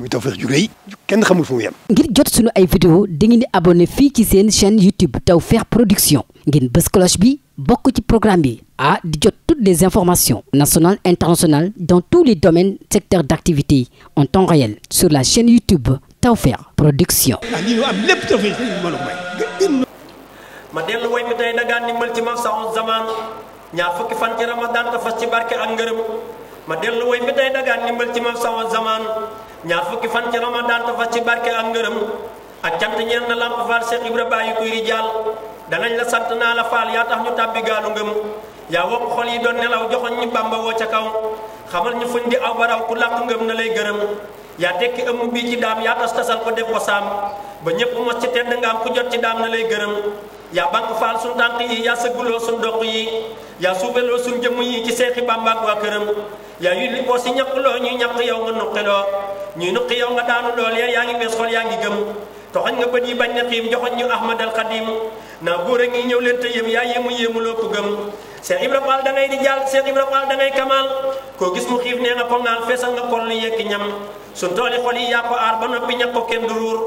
muy Tawfekh ju rëy kenn xamul ngir jot sunu ay vidéo dangeen di abonné fii ci seen chaîne YouTube Tawfekh Production ngeen bës bi bokk ci programme bi ah di jot toutes les informations nationales internationales dans tous les domaines secteurs d'activité en temps réel sur la chaîne YouTube Tawfekh Production. ah lii am lépp Tawfekh ma la may. ma dellu woy mi tey dagaan ni mbal ci ma saxoon zamaan fukki fan ci Ramadan te ci barke ak ngërëm. ma dellu woy mi tey dagaan ndimbal ci ma sama zaman ñaar fukki fan ci ramadan te fas ci barke ak ngërëm ak cant ñeen na lamp faal Cheikh Ibra bàyyi kuy rijaal danañ la sant naa la faal yaa tax ñu tàbbi gaalu ngëm yaa wokk xol yi doon nelaw joxoñ ñu bàmba woo ca kaw xamal ñu fuñ di aw baraw ku làq ngëm na lay gërëm yaa tekki ëmm bii ci daam yaa tas tasal ko def ko ba ñépp mos ci tedd nga am ku jot ci daam na lay gërëm yaa banque faal suñ tànk yi yaa sëgguloo suñ yi yaa suufeloo suñ jëmm yi ci seexi bàmba ak waa këram yaa yulli boo si loo ñuy ñaq yow nga nuqiloo ñuy nuqi yow nga daanu lool yar yaa ngi bees xol yaa ngi gëm toxoñ nga bët yi bañ na xiim joxoñ ñu ahmad al xadim naa góor a ngi ñëw leen te yëm yaa yéemu yéemuloo ko gëm Cheikh Ibra Fall da ngay di jàll Cheikh Ibra Fall da ngay kamaal koo gis mu xiif nee nga ko naan feesal nga kol li yekki ñam suñ tooli xol yi yaa ko aar ba noppi ñag ko kenn ruur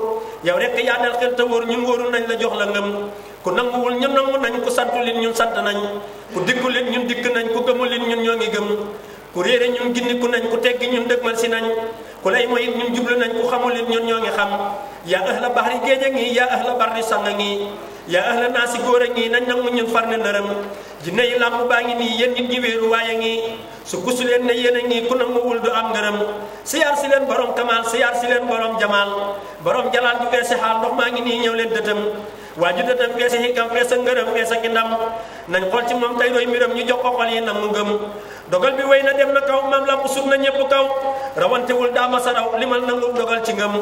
yow rek yaa xel te ñun wóoru nañ la jox la ngëm ku nanguwul ñun nangu nañ ku santu leen ñun sant nañ ku diggu leen ñun digg nañ ku gëmu leen ñun ñoo ngi gëm ku réere ñun gindiku nañ ku teggi ñun dëgmal si nañ ku lay moyit ñun jublu nañ ku xamu leen ñun ñoo ngi xam yaa ahla bahri géej a ngi yaa ahla barri sang a ngi yaa ahla naasi góor a ngi nañ nangu ñun far ne nërëm jinne yi làmb baa ngi nii yéen ñi wéeru waay a ngi su gusu leen ne yéen a ngi ku nanguwul du am ngërëm siyaar si leen borom kamaal siyaar si leen borom jamaal borom jalaal ju feese xaal ndox maa ngi nii ñëw leen dëtëm waa ju dëtëm feese xikam a ngërëm feese ki ndam nañ xool ci moom tey doy mbiram ñu jox ko xol yi na mu ngëm dogal bi wéy na dem na kaw maam làmb sut na rawantewul daa ma sa raw limal nangul dogal ci ngëm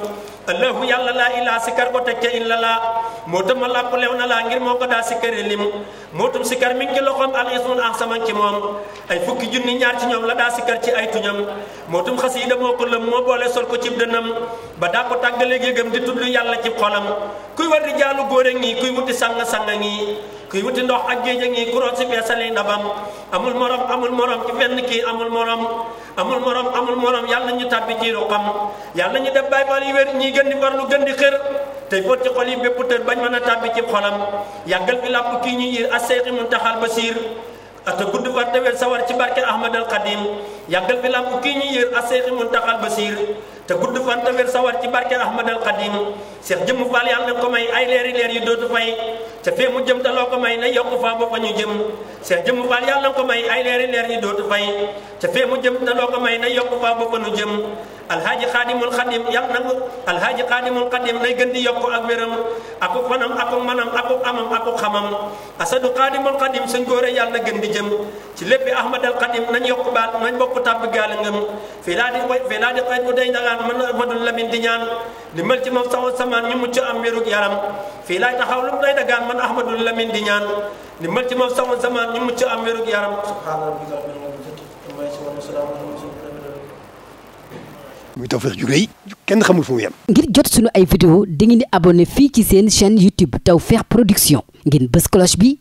allahu yàlla laa ilaa si kar ko tekke illa moo tam ma làpp lew na laa ngir moo ko daa sikkari lim moo tam sikkar mi ngi ci loxoom al ismun ahsaman ci moom ay fukki junni ñaar ci ñoom la daa sikkar ci ay tuñam moo tam xasiida moo ko moo boole sol ko cib dënam ba daa ko tàggale géegam di tudd yàlla ci xolam kuy war di jaalu góore ngi kuy wuti sang-sanga ngi kuy wuti ndox ak géej a ngi kuroot si beesali ndabam amul morom amul morom ci fenn kii amul morom amul morom amul morom yàlla ñu tàbbi jiiru xam ñu def baybal gën di farlu tey boot ci xol yi bépp tër bañ mën a tàbbi ci xolam yàggal bi làpp kii ñuy yër as-Seyxi Muntaxal Basiir ata gudd far tewel sawar ci barke Ahmad al Xadim yàggal bi làpp kii ñuy yër as-Seyxi Muntaxal Basiir te gudd fan te wér sawar ci barke Ahmad al Xadim jëmm faal yàlla ko may ay leeri leer yu dootu fay te fee jëm te loo may na yokk faa ba fa ñu jëm seex jëmm faal yàlla ko may ay leeri leer yu dootu fay te fee mu jëm te loo ko may na yokk faa ba fa nay gën di yokk ak wéram aku fanam aku manam aku amam asadu xaadimul xadim suñ góore yàlla na gën jëm ci léppi Ahmad al Xadim nañ yokk baat nañ bokk tàbb gaal laa di fii laa di xëy bu mën na Ahmadou di ñaan di mel ci moom saxu samaan ñu mucc am wérug yaram fii laay taxaw lu mu lay dagaan man Ahmadou Lamine di ñaan di mel ci moom saxu samaan ñu mucc am wérug yaram muy Tawfekh ju rëy ngir jot sunu ay vidéo dangeen di abonné fii ci seen chaîne YouTube Tawfekh Production ngeen bës cloche bi